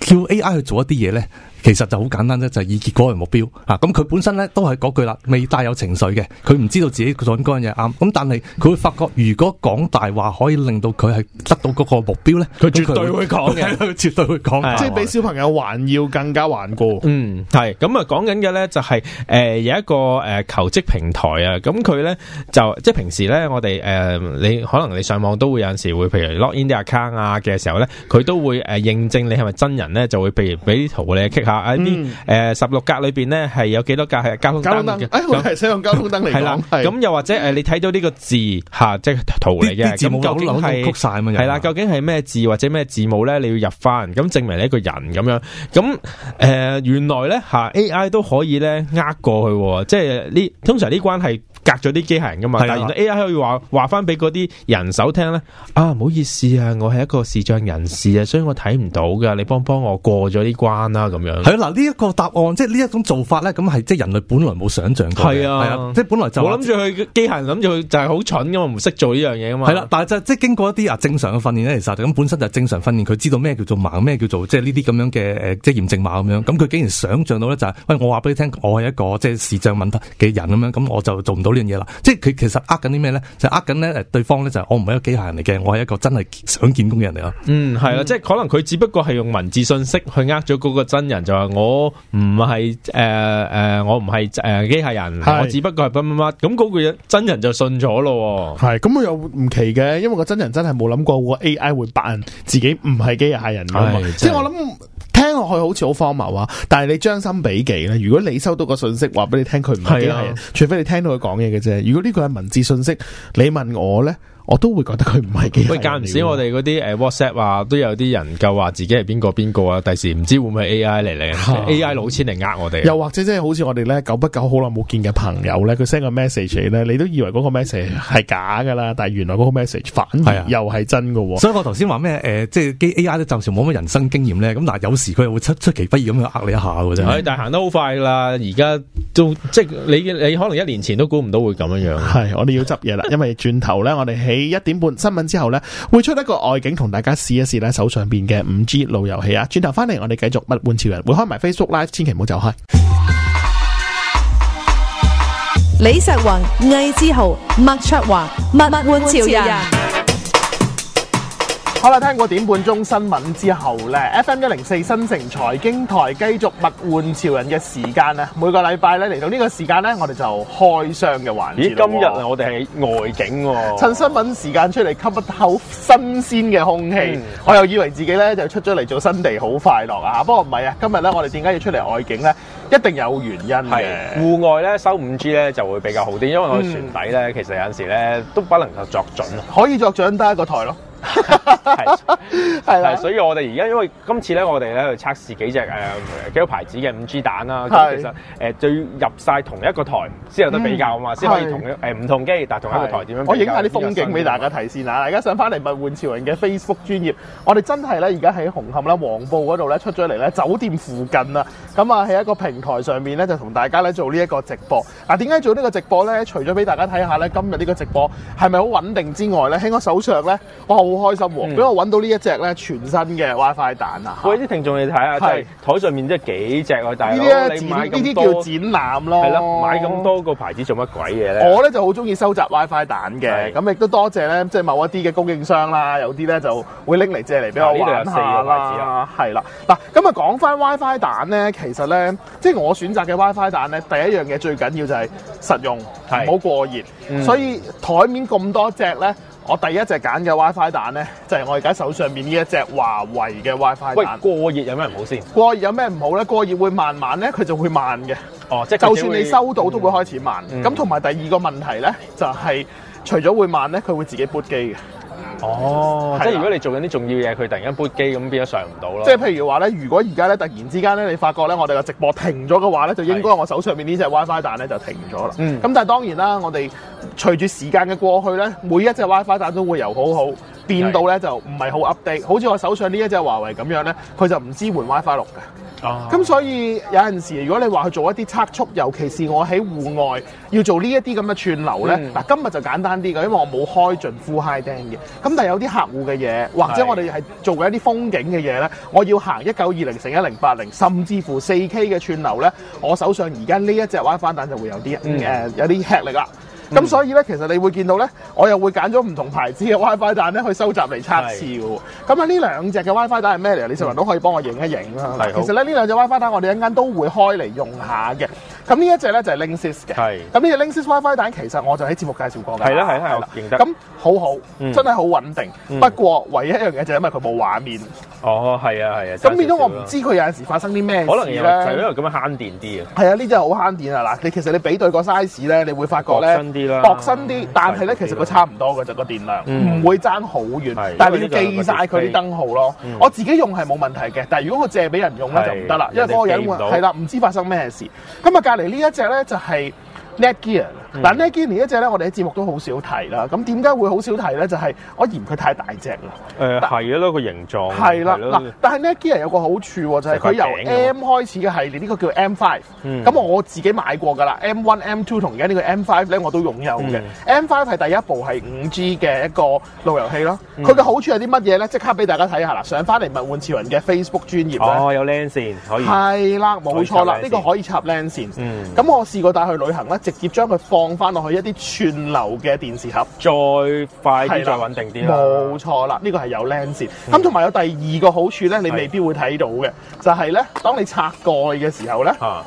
叫 AI 去做一啲嘢咧。其實就好簡單啫，就係以結果為目標啊！咁佢本身咧都係嗰句啦，未帶有情緒嘅，佢唔知道自己講緊嗰樣嘢啱。咁但係佢會發覺，如果講大話可以令到佢係得到嗰個目標咧，佢 絕對會講嘅， 絕對會講，即係比小朋友還要更加頑固。嗯，係咁啊！講緊嘅咧就係、是、誒、呃、有一個誒、呃、求職平台啊，咁佢咧就即係平時咧我哋誒、呃、你可能你上網都會有陣時會，譬如 log in 啲 account 啊嘅時候咧，佢都會誒認證你係咪真人咧，就會譬如俾圖你。喺啲誒十六格裏邊咧係有幾多格係交通燈嘅，使、哎、用交通燈嚟講，係啦，咁 又或者誒、呃，你睇到呢個字吓，即、嗯、係、啊就是、圖嚟嘅，究竟係係啦，究竟係咩字或者咩字母咧？你要入翻，咁證明你一個人咁樣，咁誒、呃，原來咧吓、啊、A I 都可以咧呃過去，即係呢通常呢關係。隔咗啲機械人噶嘛，但係 A.I. 可以話話翻俾嗰啲人手聽咧，啊唔好意思啊，我係一個視障人士啊，所以我睇唔到嘅，你幫幫我過咗啲關啦，啊、咁樣。係啊，嗱呢一個答案，即係呢一種做法咧，咁係即係人類本來冇想象過啊，係啊，即係本來就我諗住佢機械人諗住佢就係好蠢噶嘛，唔識做呢樣嘢噶嘛。係啦，但係就即係經過一啲啊正常嘅訓練咧，其實咁本身就係正常訓練，佢知道咩叫做盲，咩叫做即係呢啲咁樣嘅誒驗證碼咁樣，咁佢竟然想像到咧就係、是，喂我話俾你聽，我係一個即係、就是、視障問題嘅人咁樣，咁我就做唔到，這個樣嘢啦，即係佢其實呃緊啲咩咧？就呃緊咧，對方咧，就我唔係一個機械人嚟嘅，我係一個真係想見工人嚟咯。嗯，係啦，即係可能佢只不過係用文字信息去呃咗嗰個真人，就話我唔係誒誒，我唔係誒機械人，我只不過係乜乜乜。咁、那、嗰個人真人就信咗咯。係咁，佢又唔奇嘅，因為個真人真係冇諗過、那個 A I 會扮自己唔係機械人、就是、即係我諗。聽落去好似好荒謬啊！但係你將心比己咧，如果你收到個信息話俾你聽，佢唔係其他人，啊、除非你聽到佢講嘢嘅啫。如果呢個係文字信息，你問我咧？我都會覺得佢唔係幾。喂，間唔時我哋嗰啲誒 WhatsApp 啊，都有啲人夠話自己係邊個邊個啊，第時唔知會唔會 AI 嚟咧？AI 攞錢嚟呃我哋，又或者即係好似我哋咧久不久好耐冇見嘅朋友咧，佢 send 個 message 嚟咧，你都以為嗰個 message 係假㗎啦，但係原來嗰個 message 反又係真㗎喎、啊。所以我頭先話咩誒，即係 AI 咧暫時冇乜人生經驗咧，咁嗱有時佢又會出出其不意咁樣呃你一下㗎啫。但係行得好快㗎啦，而家都即係你你可能一年前都估唔到會咁樣樣。係、啊，我哋要執嘢啦，因為轉頭咧，我哋起。 一點半新聞之後咧，會出一個外景同大家試一試咧手上邊嘅五 G 路由器啊！轉頭翻嚟，我哋繼續物玩潮人，會開埋 Facebook 啦，千祈唔好走開。李石雲、魏志豪、麥卓華、物玩潮人。好啦，聽過點半鐘新聞之後咧，FM 一零四新城財經台繼續物玩潮人嘅時間啊！每個禮拜咧，嚟到呢個時間咧，我哋就開箱嘅環節。咦，今日我哋係外景，啊，趁新聞時間出嚟吸一口新鮮嘅空氣，嗯。我又以為自己咧就出咗嚟做新地好快樂啊！不過唔係啊，今日咧我哋點解要出嚟外景咧？一定有原因嘅。戶外咧收五 G 咧就會比較好啲，因為我哋船底咧其實有陣時咧都不能夠作準。可以作準得一個台咯。係 是的，係 啦，所以我哋而家因為今次咧，我哋咧就測試幾隻誒，幾個牌子嘅五 G 蛋啦。其實誒，最入晒同一個台先有得比較啊嘛，先、嗯、可以同誒唔同機，但係同一個台點樣？我影下啲風景俾大家睇先啊！大家上翻嚟物玩潮人嘅 Facebook 專頁，我哋真係咧而家喺紅磡啦、黃埔嗰度咧出咗嚟咧，酒店附近啊，咁啊喺一個平台上面咧就同大家咧做呢一個直播。嗱，點解做呢個直播咧？除咗俾大家睇下咧今日呢個直播係咪好穩定之外咧，喺我手上咧我。好開心喎、啊！俾、嗯、我揾到呢一隻咧全新嘅 WiFi 蛋啊！我啲聽眾，你睇下啊，係台上面即係幾隻啊！但呢啲呢啲叫展覽咯。係啦，買咁多個牌子做乜鬼嘢咧？我咧就好中意收集 WiFi 蛋嘅，咁亦都多謝咧，即係某一啲嘅供應商啦，有啲咧就會拎嚟借嚟俾我玩下啦，係啦，嗱，咁啊講翻 WiFi 蛋咧，其實咧，即係我選擇嘅 WiFi 蛋咧，第一樣嘢最緊要就係實用，係唔好過熱、嗯。所以台面咁多隻咧。我第一隻揀嘅 WiFi 蛋咧，就係、是、我而家手上面呢一隻華為嘅 WiFi 蛋。喂，過熱有咩唔好先？過熱有咩唔好咧？過熱會慢慢咧，佢就會慢嘅。哦，即係就算你收到、嗯、都會開始慢。咁同埋第二個問題咧，就係、是、除咗會慢咧，佢會自己 boot 機嘅。哦，即係如果你做緊啲重要嘢，佢突然間撥機咁變咗上唔到咯。即係譬如話咧，如果而家咧突然之間咧，你發覺咧我哋個直播停咗嘅話咧，就應該我手上面呢隻 WiFi 蛋咧就停咗啦。嗯，咁但係當然啦，我哋隨住時間嘅過去咧，每一隻 WiFi 蛋都會有好好。變到咧就唔係好 update，好似我手上呢一隻華為咁樣咧，佢就唔支援 WiFi 六嘅。哦，咁所以有陣時如果你話去做一啲測速，尤其是我喺戶外要做呢一啲咁嘅串流咧，嗱、嗯、今日就簡單啲嘅，因為我冇開盡 full HD 嘅。咁但係有啲客戶嘅嘢，或者我哋係做緊一啲風景嘅嘢咧，我要行一九二零乘一零八零，甚至乎四 K 嘅串流咧，我手上而家呢一隻 WiFi 蛋就會有啲誒、嗯呃、有啲吃力啦。咁、嗯、所以咧，其實你會見到咧，我又會揀咗唔同牌子嘅 WiFi 蛋咧去收集嚟測試喎。咁喺呢兩隻嘅 WiFi 蛋係咩嚟？你成日都可以幫我影一影啦、啊嗯。其實咧，呢兩隻 WiFi 蛋我哋一間都會開嚟用下嘅。咁呢一隻咧就係 Linksys 嘅，咁呢隻 Linksys WiFi 蛋其實我就喺節目介紹過嘅，係啦係啦認得，咁好好，嗯、真係好穩定、嗯。不過唯一一樣嘢就係因為佢冇畫面，哦係啊係啊，咁變咗我唔知佢有陣時發生啲咩事咧，就係因為咁樣慳電啲啊，係啊呢隻好慳電啊嗱，你其實你比對個 size 咧，你會發覺咧薄身啲啦，薄身啲，但係咧其實佢差唔多嘅就個電量唔、嗯、會爭好遠，但係你要記晒佢啲燈號咯。Display, 我自己用係冇問題嘅，但係如果佢借俾人用咧就唔得啦，因為嗰個人係啦唔知發生咩事，咁、嗯、啊嚟呢一隻咧就係 NETGEAR。但 Nagini 呢一隻咧，那個、我哋喺節目都好少提啦。咁點解會好少提咧？就係、是、我嫌佢太大隻啦。誒、嗯，係咯，那個形狀。係啦，嗱，但係 Nagini 有個好處，就係、是、佢由 M 開始嘅系列，呢、這個叫 M5、嗯。咁我自己買過㗎啦，M1、M2 同而家呢個 M5 咧，我都擁有嘅、嗯。M5 係第一部係 5G 嘅一個路由器啦。佢、嗯、嘅好處係啲乜嘢咧？即刻俾大家睇下啦。上翻嚟物玩潮人嘅 Facebook 專頁啦。哦，有 LAN 線可以。係啦，冇錯啦，呢、這個可以插 LAN 線。嗯。咁我試過帶去旅行啦，直接將佢放翻落去一啲串流嘅電視盒，再快啲，再穩定啲，冇錯啦，呢、這個係有靚線。咁同埋有第二個好處咧，你未必會睇到嘅，就係、是、咧，當你拆蓋嘅時候咧，嚿、啊、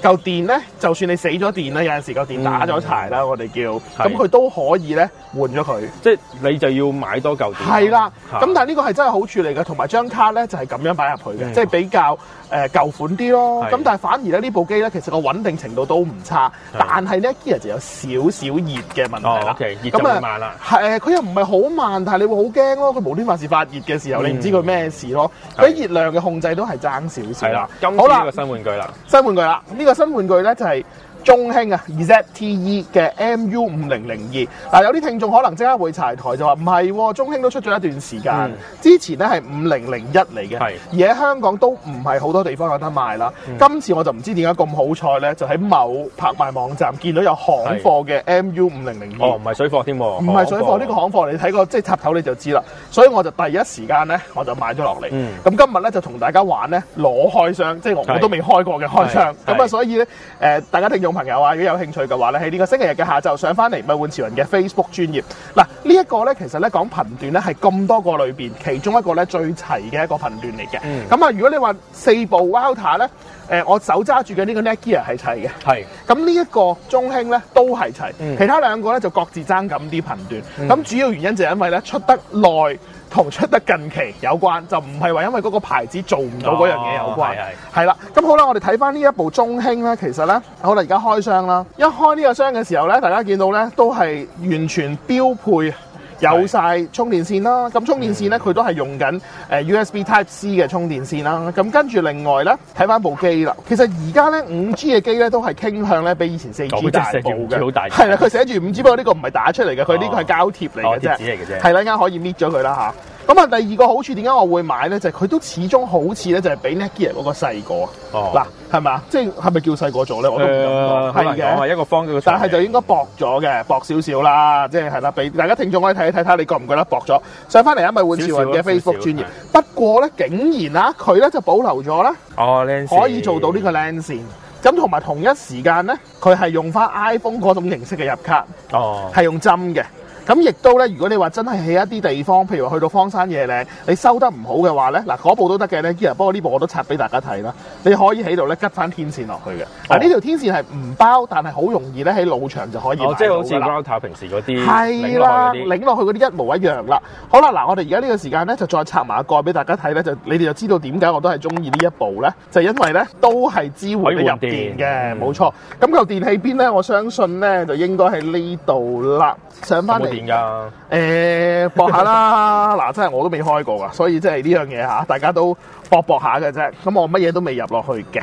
電咧，就算你死咗電啦，有陣時嚿電打咗柴啦、嗯，我哋叫，咁佢都可以咧換咗佢。即係你就要買多嚿電。係啦。咁、啊、但係呢個係真係好處嚟嘅，同埋張卡咧就係咁樣擺入去嘅，即、嗯、係、就是、比較。誒舊款啲咯，咁但係反而咧呢部機咧，其實個穩定程度都唔差，但係呢 gear 咧就有少少熱嘅問題啦。哦，咁、okay，啊慢啦，誒佢又唔係好慢，但係你會好驚咯，佢無端白事發熱嘅時候，嗯、你唔知佢咩事咯。俾熱量嘅控制都係爭少少。係啦，今次呢個新玩具啦，新玩具啦，呢、這個新玩具咧就係、是。中興啊 ZTE 嘅 MU 五零零二嗱，有啲聽眾可能即刻會柴台就話唔係，中興都出咗一段時間，嗯、之前咧係五零零一嚟嘅，而喺香港都唔係好多地方有得賣啦。今次我就唔知點解咁好彩咧，就喺某拍賣網站見到有行貨嘅 MU 五零零二，哦，唔係水貨添、哦，唔係水貨呢、哦呢個行貨，你睇過即係插頭你就知啦。所以我就第一時間咧，我就買咗落嚟。咁、嗯、今日咧就同大家玩咧攞開箱，即係我，我都未開過嘅開箱。咁啊，所以咧誒、大家聽眾。朋友啊，如果有興趣嘅話咧，喺呢個星期日嘅下晝上翻嚟咪物玩潮人嘅 Facebook 專頁。嗱、啊，這個、呢一個咧其實咧講頻段咧係咁多個裏邊其中一個咧最齊嘅一個頻段嚟嘅。咁、嗯、啊，如果你話四部 router 咧，誒、呃、我手揸住嘅呢個 Netgear 咧係齊嘅。係。咁呢一個中興咧都係齊、嗯，其他兩個咧就各自爭緊啲頻段。咁、嗯、主要原因就係因為咧出得耐。同出得近期有關，就唔係話因為嗰個牌子做唔到嗰樣嘢有關。係、哦、啦，咁好啦，我哋睇翻呢一部中興咧，其實咧，好啦，而家開箱啦。一開呢個箱嘅時候咧，大家見到咧都係完全標配。有晒充電線啦，咁充電線咧佢都係用緊誒 USB Type C 嘅充電線啦，咁跟住另外咧睇翻部機啦。其實而家咧五 G 嘅機咧都係傾向咧比以前四 G 大部嘅，好大，係啦佢寫住五 G，不過呢個唔係打出嚟嘅，佢呢個係膠貼嚟嘅啫，紙嚟嘅啫，係啦啱可以搣咗佢啦吓。咁啊，第二個好處點解我會買咧？就係、是、佢都始終好似咧、oh.，就係比 Netgear 嗰個細個，嗱，係咪啊？即係係咪叫細個咗咧？我都唔咁講，係、uh, 嘅。我係一個方嘅，但係就應該薄咗嘅，薄少少啦，即係係啦。俾大家聽眾可以睇睇睇，看看你覺唔覺得薄咗？上翻嚟啊，咪換潮人嘅 Facebook 專頁。不過咧，竟然啦、啊，佢咧就保留咗啦，oh, 可以做到呢個 LAN 線。咁同埋同一時間咧，佢係用翻 iPhone 嗰種形式嘅入卡，係、oh. 用針嘅。咁亦都咧，如果你話真係喺一啲地方，譬如去到荒山野嶺，你收得唔好嘅話咧，嗱嗰部都得嘅咧。不過呢部我都拆俾大家睇啦，你可以喺度咧吉翻天線落去嘅。嗱呢條天線係唔包，但係好容易咧喺路場就可以、哦、即係好似 Ganta 平時嗰啲係啦，擰落去嗰啲一模一樣啦。好啦，嗱、啊、我哋而家呢個時間咧就再拆埋個蓋俾大家睇咧，就你哋就知道點解我都係中意呢一部咧，就因為咧都係支援入電嘅，冇錯。咁、嗯、嚿、那個、電器邊咧，我相信咧就應該喺呢度啦，上翻嚟。連噶，誒，搏下啦！嗱， 真係我都未開過噶，所以即係呢樣嘢吓，大家都搏搏下嘅啫。咁我乜嘢都未入落去嘅。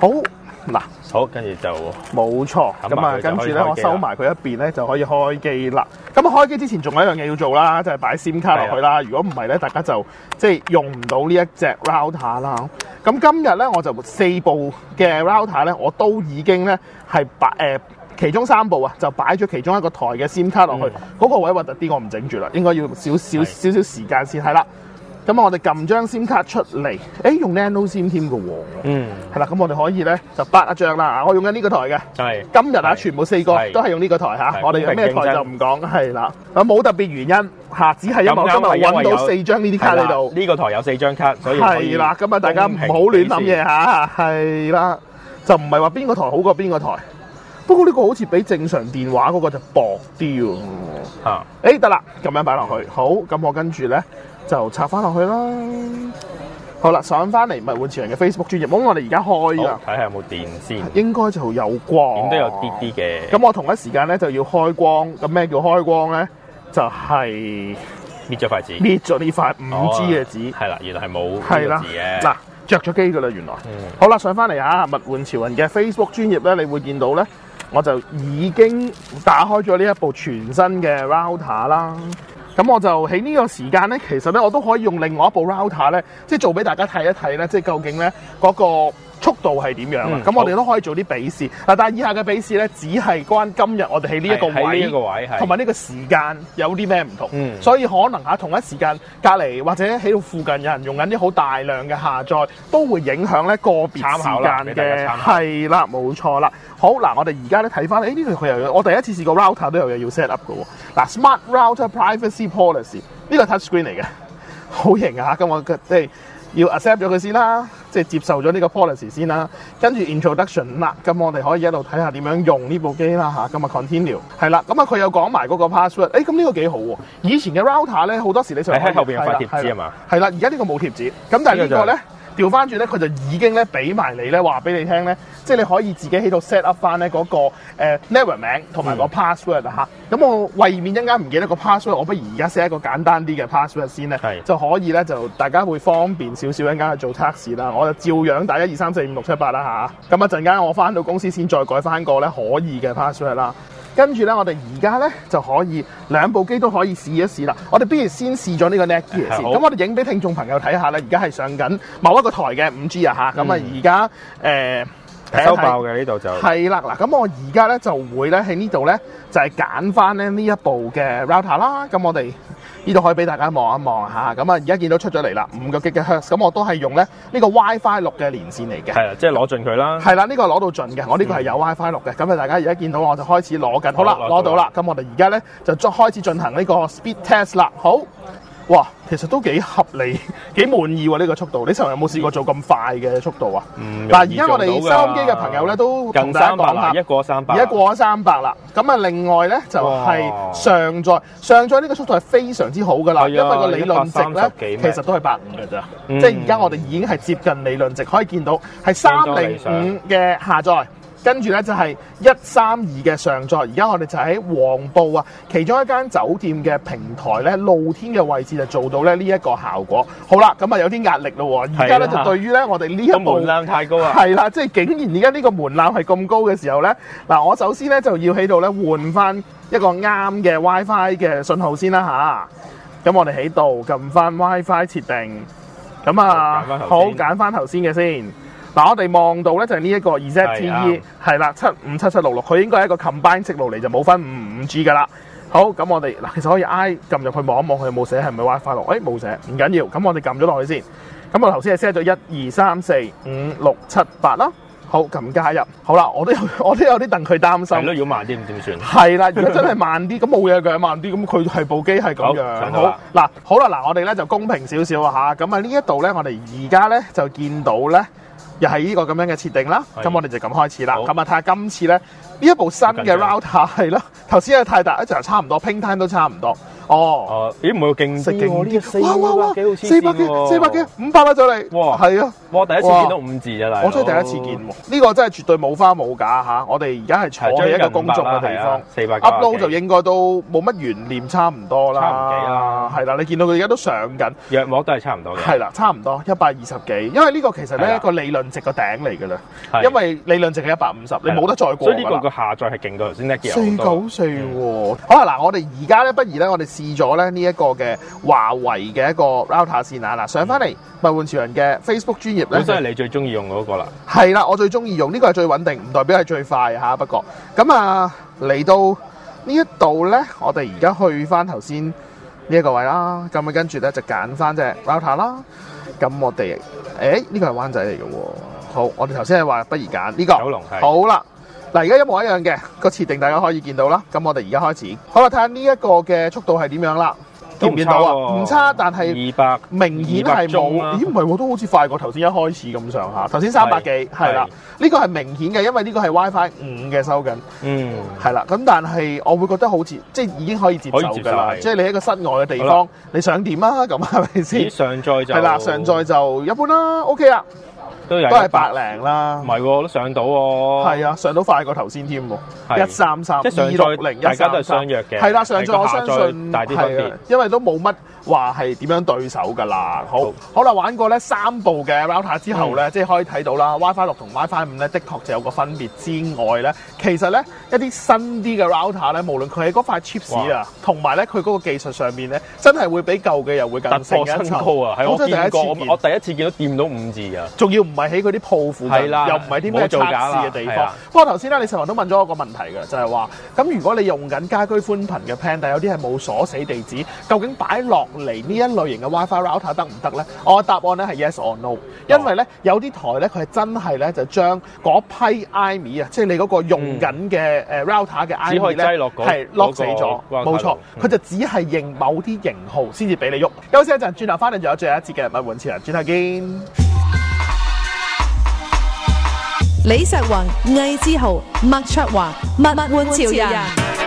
好，嗱，好，跟住就冇錯。咁啊，跟住咧，我收埋佢一邊咧，就可以開機啦。咁開，開機之前，仲有一樣嘢要做啦，就係、是、擺 SIM 卡落去啦。如果唔係咧，大家就即係用唔到呢一隻 router 啦。咁今日咧，我就四部嘅 router 咧，我都已經咧係把誒。呃其中三部啊，就擺咗其中一個台嘅 SIM 卡落去，嗰、嗯嗰個位核突啲，我唔整住啦，應該要少少少少少少時間先。係啦，咁啊，我哋撳張 SIM 卡出嚟，誒，用 Nano SIM 添嘅喎。嗯，係啦，咁我哋可以咧就發一張啦。我用緊呢個台嘅，係。今日啊，全部四個都係用呢個台嚇、啊，我哋用咩台就唔講，係啦。咁冇特別原因嚇，只係因為我今日揾到四張呢啲卡喺度。呢、呢個台有四張卡，所以係啦。咁啊，大家唔好亂諗嘢嚇，係啦，就唔係話邊個台好過邊個台。不過呢個好似比正常電話嗰個就薄啲喎、欸。誒、啊，得、欸、啦，咁樣擺落去，好，咁我跟住咧就插翻落去啦。好啦，上翻嚟物玩潮人嘅 Facebook 專頁，我哋而家開啊，睇下有冇電先。應該就有光，有點都有啲啲嘅。咁我同一時間咧就要開光，咁咩叫開光咧？就係搣咗塊紙，搣咗呢塊五 G 嘅紙。係啦、哦，原來係冇，係啦，嗱，着咗機噶啦，原來。嗯、好啦，上翻嚟吓，物玩潮人嘅 Facebook 專頁咧，你會見到咧。我就已經打開咗呢一部全新嘅 router 啦。咁我就喺呢個時間呢，其實呢，我都可以用另外一部 router 呢，即係做俾大家睇一睇呢，即係究竟呢、那、嗰個。度係點樣啊？咁、嗯、我哋都可以做啲比試嗱，但係以下嘅比試咧，只係關今日我哋喺呢一個位置，同埋呢個時間有啲咩唔同、嗯，所以可能喺同一時間隔離或者喺度附近有人用緊啲好大量嘅下載，都會影響咧個別時間嘅係啦，冇錯啦。好嗱，我哋而家咧睇翻咧，呢度佢又有我第一次試過 router 都有嘢要 set up 㗎喎。嗱、啊、，Smart Router Privacy Policy 呢個 touch screen 嚟嘅，好型啊！咁我即係。欸要 accept 咗佢先啦，即係接受咗呢個 policy 先啦，跟住 introduction 啦，咁我哋可以一路睇下點樣用呢部機啦嚇，咁啊 continue 係啦，咁啊佢又講埋嗰個 password，誒咁呢個幾好喎，以前嘅 router 咧好多時你就喺後面有塊貼紙啊嘛，係啦，而家呢個冇貼紙，咁但係呢個咧。調翻轉咧，佢就已經咧俾埋你咧話俾你聽咧，即係你可以自己喺度 set up 翻咧嗰個 network 名同埋個 password 嚇、嗯。咁、啊、我為免一間唔記得個 password，我不如而家 set 一個簡單啲嘅 password 先咧，就可以咧就大家會方便少少一間去做測試啦。我就照樣打、啊啊、一二三四五六七八啦嚇。咁一陣間我翻到公司先再改翻個咧可以嘅 password 啦、啊。跟住咧，我哋而家咧就可以兩部機都可以試一試啦。我哋不如先試咗呢個 Netgear 先。咁、嗯、我哋影俾聽眾朋友睇下咧，而家係上緊某一個台嘅 5G 啊吓，咁、嗯、啊，而家誒收爆嘅呢度就係啦。嗱，咁我而家咧就會咧喺呢度咧就係揀翻咧呢一部嘅 router 啦。咁我哋。呢度可以俾大家望一望下，咁啊而家見到出咗嚟啦，五個 G 嘅 Hz，咁我都係用咧呢個 WiFi 六嘅連線嚟嘅，係啊，即係攞盡佢啦，係啦，呢、這個攞到盡嘅，我呢個係有 WiFi 六嘅，咁啊大家而家見到我就開始攞緊、嗯，好啦，攞到啦，咁我哋而家咧就開開始進行呢個 speed test 啦，好。哇，其實都幾合理，幾滿意喎、啊、呢、呢個速度。你曾有冇試過做咁快嘅速度啊？嗯，但而家我哋收音機嘅朋友咧都近三百啦，而家一一過咗三百啦。咁啊，另外咧就係、是、上載，上載呢個速度係非常之好噶啦、啊，因為個理論值咧其實都係八五嘅啫。即係而家我哋已經係接近理論值，可以見到係三零五嘅下載。跟住呢，就係一三二嘅上座，而家我哋就喺黃埔啊，其中一間酒店嘅平台呢，露天嘅位置就做到呢一個效果。好啦，咁啊有啲壓力咯喎，而家呢，就對於呢，我哋呢個門檻太高啊，係啦，即係竟然而家呢個門檻係咁高嘅時候呢。嗱我首先呢，就要喺度呢換翻一個啱嘅 WiFi 嘅信號先啦吓，咁我哋喺度撳翻 WiFi 設定，咁啊好揀翻頭先嘅先。嗱，我哋望到咧就係呢一個 ZTE 係啦，七五七七六六，佢應該係一個 combine 式路嚟，就冇分五五 G 噶啦。好咁，我哋嗱，其實可以 I 撳入去望一望，佢有冇寫係咪 WiFi 六？欸，誒，冇寫，唔緊要。咁我哋撳咗落去先。咁我頭先係 set 咗一二三四五六七八啦。好，撳加入。好啦，我都我都有啲戥佢擔心。係咯，如果要慢啲點算？係啦，如果真係慢啲咁冇嘢嘅，慢啲咁佢係部機係咁樣好嗱。好啦，嗱我哋咧就公平少少啊吓。咁啊呢一度咧，我哋而家咧就見到咧。又係呢個咁樣嘅設定啦，咁我哋就咁開始啦。咁啊睇下今次咧，呢一部新嘅 router 係啦，頭先嘅泰達，一就差唔多，ping time 都差唔多，哦，咦唔會勁啲四百幾，四百幾，五百啦再嚟，哇，係啊，啊，我第一次見到五字咋，我真係第一次見，呢、這個真係絕對冇花冇假吓，我哋而家係坐喺一個公眾嘅地方，四百 upload 就應該都冇乜懸念，差唔多啦，差係啦、啊，你見到佢而家都上緊，若果都係差唔多、啊、多，係啦，差唔多一百二十幾，因為呢個其實咧、啊、個理論值個頂嚟噶啦，因為理論值係一百五十，你冇得再過、啊、所以呢個個下載係勁過頭先得嘅四九四喎，好啦嗱，我哋而家咧，不如咧，我哋。試咗咧呢一個嘅華為嘅一個 router 線啊！嗱，上翻嚟物玩潮人嘅 Facebook 專頁咧，本身係你最中意用嗰個啦，係啦，我最中意用呢個係最穩定，唔代表係最快嚇。不過咁啊，嚟到呢一度咧，我哋而家去翻頭先呢一個位啦，咁啊跟住咧就揀翻隻 router 啦。咁我哋誒呢個係灣仔嚟嘅喎，好，我哋頭先係話不如揀呢個，九龍，係好啦。嗱，而家一模一樣嘅個設定，大家可以見到啦。咁我哋而家開始，好啦，睇下呢一個嘅速度係點樣啦。見唔見到啊？唔差，200，但係二百明顯係冇。啊、咦？唔係喎，我都好似快過頭先一開始咁上下。頭先三百幾，係啦。呢、呢個係明顯嘅，因為呢個係 WiFi 五嘅收緊。嗯，係啦。咁但係我會覺得好似即係已經可以接受嘅啦。即係、就是、你喺個室外嘅地方，你想點啊？咁係咪先？上載就係啦，上載就一般啦。OK 啊。都係百零啦，唔係喎，都上到喎。係啊，上到才快過頭先添喎，一三三二六零一，大家都係相約嘅。係啦、啊，上載我相信大啲分別、啊，因為都冇乜話係點樣對手㗎啦。好，好啦，玩過咧三部嘅 router 之後咧、嗯，即係可以睇到啦。WiFi 六同 WiFi 五咧，的確就有個分別之外咧，其實咧一啲新啲嘅 router 咧，無論佢喺嗰塊 chip 啊，同埋咧佢嗰個技術上面咧，真係會比舊嘅又會更新高啊！係我第一次見過，我第一次見到掂到五字啊，仲要唔係喺嗰啲鋪附嘅，又唔係啲咩做假嘅地方。不過頭先咧，你成日都問咗我個問題嘅，就係話咁如果你用緊家居寬頻嘅 plan，但有啲係冇鎖死地址，究竟擺落嚟呢一類型嘅 WiFi router 得唔得咧？我嘅答案咧係 yes or no，、哦、因為咧有啲台咧佢係真係咧就將嗰批 IMEI 啊、嗯，即係你嗰個用緊嘅 router 嘅 IMEI 咧，係鎖死咗，冇、那個、錯，佢就只係認某啲型號先至俾你喐。休、嗯、息一陣，轉頭翻嚟仲有最後一節嘅物玩潮人，轉頭見。李石宏、魏志豪、麥卓華、物玩潮人。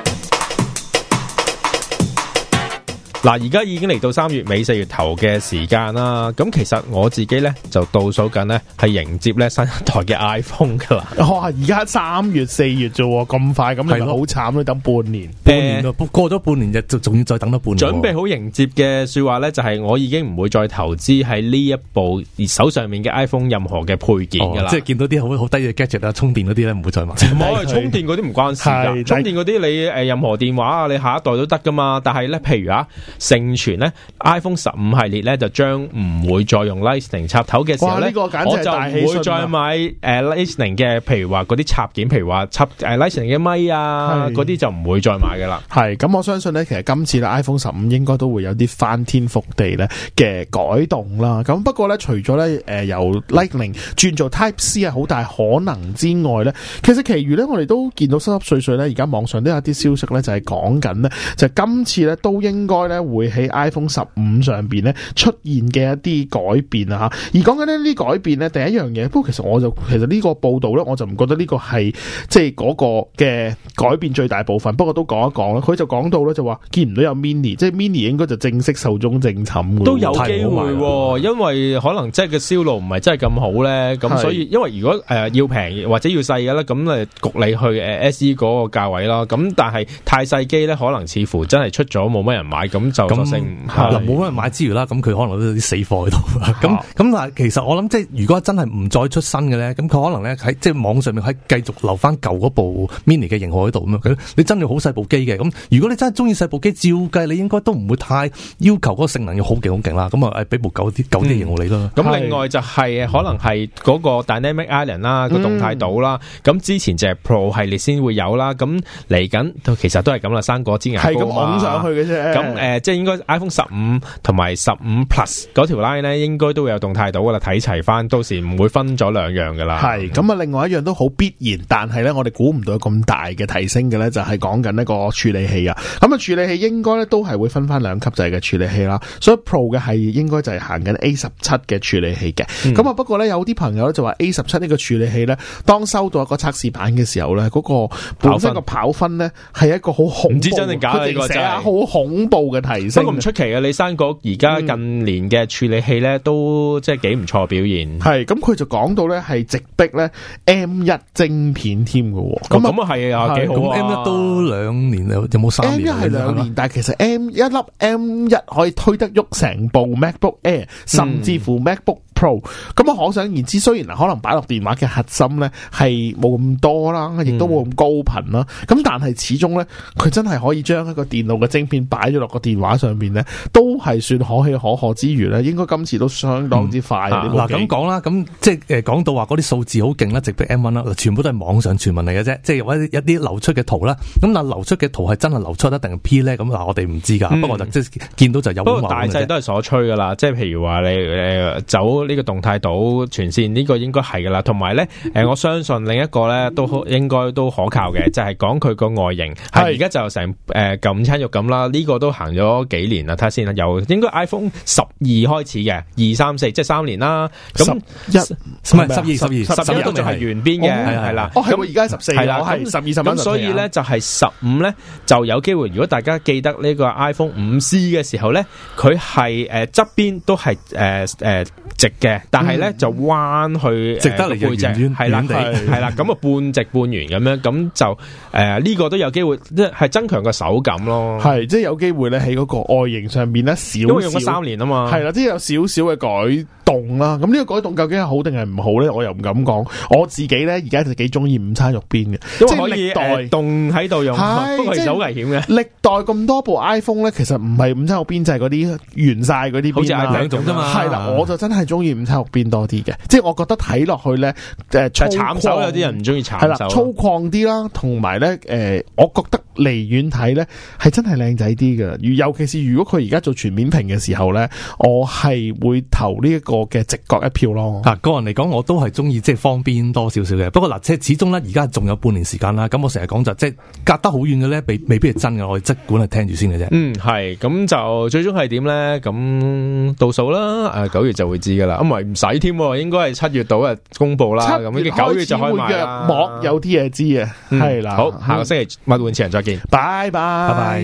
嗱，而家已經嚟到三月尾四月頭嘅時間啦，咁其實我自己咧就倒數緊咧，係迎接咧新一代嘅 iPhone 噶啦。哇！而家三月四月啫，咁快咁咪好慘咯，等半年。誒、呃，過咗半年就仲要再等多半年。準備好迎接嘅說話咧，就係、是、我已經唔會再投資喺呢一部手上面嘅 iPhone 任何嘅配件噶啦、哦。即係見到啲好低嘅 gadget 啦、充電嗰啲咧，唔會再買。我係，充電嗰啲唔關事噶，充電嗰啲你任何電話啊，你下一代都得噶嘛。但係咧，譬如啊～盛傳咧，iPhone 十五系列咧就將唔會再用 Lightning 插頭嘅時候呢咧，這個、簡直、啊、就唔會再買誒、呃、Lightning 嘅，譬如話嗰啲插件，譬如話插誒 Lightning 嘅咪啊，嗰啲、啊、就唔會再買噶啦。係咁，我相信咧，其實今次咧 iPhone 十五應該都會有啲翻天覆地咧嘅改動啦。咁不過咧，除咗咧誒由 Lightning 轉做 Type C 係好大可能之外咧，其實其餘咧我哋都見到濕濕碎碎咧，而家網上都有啲消息咧，就係講緊咧，就係、今次咧都應該咧。會喺 iPhone 十五上邊咧出現嘅一啲改變啊，吓而講緊咧呢啲改變咧第一樣嘢，不過其實我就其實呢個報道咧，我就唔覺得呢個係即係嗰個嘅改變最大部分。不過都講一講啦，佢就講到咧就話見唔到有 mini，即係 mini 應該就正式壽終正寢。都有機會、啊啊，因為可能即係嘅銷路唔係真係咁好咧，咁所以因為如果誒、呃、要平或者要細嘅咧，咁嚟局你去誒 SE 嗰個價位咯。咁但係太細機咧，可能似乎真係出咗冇乜人買咁。就咁嚇，冇人買之餘啦，咁佢可能都啲死貨喺度咁。咁嗱，其實我諗即如果真係唔再出新嘅咧，咁佢可能咧喺即係網上面喺繼續留翻舊嗰部 mini 嘅型號喺度咁，你真係好細部機嘅，咁如果你真係中意細部機，照計你應該都唔會太要求嗰個性能要好勁好勁啦。咁啊，誒俾部舊啲舊啲型號你啦。咁、嗯、另外就係、是、可能係嗰個 Dynamic Island 啦，嗯那個動態島啦。咁之前就係 Pro 系列先會有啦。咁嚟緊其實都係咁啦，生果之熬係咁上去嘅啫。咁即係應該 iPhone 十五同埋十五 Plus 嗰條 line 咧，應該都會有動態島噶啦，睇齊返，到時唔會分咗兩樣噶啦。係咁啊，另外一樣都好必然，但係咧，我哋估唔到有咁大嘅提升嘅咧，就係講緊一個處理器啊。咁、嗯、啊，處理器應該咧都係會分返兩級制嘅處理器啦。所以 Pro 嘅係應該就係行緊 A 十七嘅處理器嘅。咁、嗯、啊，不過咧有啲朋友咧就話 A 十七呢個處理器咧，當收到一個測試版嘅時候咧，嗰、那個本身個跑分咧係一個好恐唔知真定假個好恐怖嘅。都唔出奇啊！李生局而家近年嘅處理器咧、嗯，都即係幾唔錯表現。係咁佢就講到咧，係直逼咧 M 一晶片添㗎。咁、哦、咁啊係啊，幾好啊！M 一都兩年喇，有冇三年？M 一係兩年，但係其實 M 一粒 M 一可以推得喐成部 MacBook Air，甚至乎 MacBook。咁啊，可想而知，雖然可能擺落電話嘅核心咧係冇咁多啦，亦都冇咁高頻啦。咁、嗯、但係始終咧，佢真係可以將一個電腦嘅晶片擺咗落個電話上邊咧，都係算可喜可賀之餘咧，應該今次都相當之快。嗱咁講啦，咁、啊啊、即係誒講到話嗰啲數字好勁啦，直逼 M 1啦，嗱全部都係網上傳聞嚟嘅啫，即係有一啲流出嘅圖啦。咁嗱流出嘅圖係真係流出，一定係 P 咧。咁嗱我哋唔知噶、嗯，不過就即係見到就有碳碳碳。不過大勢都係所趨噶啦，即係譬如話你誒走。呢個動態島全線呢個應該係噶啦，同埋咧，誒，我相信另一個咧都應該都可靠嘅，就係講佢個外形係而家就成誒舊午餐肉咁啦，呢個都行咗幾年啦，睇下先啦。由應該 iPhone 十二開始嘅二三四，即係三年啦。咁一唔係十二十二十一都仲係圓邊嘅係啦。哦，係咪而家十四？係啦，十二十蚊。咁所以咧就係十五咧就有機會。如果大家記得呢個 iPhone 五 C 嘅時候咧，佢係誒側邊都係誒誒直嘅，但係咧就彎去直得圓圓地係啦，係啦，咁啊半直半圓咁樣，咁就誒呢個都有機會，即係增強個手感咯，係即係有機會咧喺嗰個外形上面咧少，都用咗三年啊嘛，係啦，即係有少少嘅改動啦，咁呢個改動究竟係好定係唔好咧？我又唔敢講，我自己咧而家就幾中意午餐肉邊嘅，即係歷代凍喺度用，係即係好危險嘅。歷代咁多部 iPhone 咧，其實唔係午餐肉邊，就係嗰啲圓晒嗰啲，好似係兩種啫嘛，係啦，我就真係中。中意五彩邊多啲嘅，即係我覺得睇落去咧，誒，係慘手有啲人唔中意慘手，手粗獷啲啦，同埋咧，誒、呃，我覺得離遠睇咧，係真係靚仔啲噶，尤其是如果佢而家做全面屏嘅時候咧，我係會投呢一個嘅直覺一票咯。啊，個人嚟講，我都係中意即係方便多少少嘅。不過嗱，即係始終咧，而家仲有半年時間啦。咁我成日講就即、是、係隔得好遠嘅咧，未未必係真嘅，我即管係聽住先嘅啫。嗯，係咁就最終係點咧？咁倒數啦，啊，九月就會知噶啦。唔係唔使添，應該係七月度啊公布啦，咁跟九月就開賣啦，約莫有啲嘢知啊，係、嗯、啦。好、嗯，下個星期物換潮人再見，拜拜拜拜。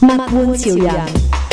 物換潮人。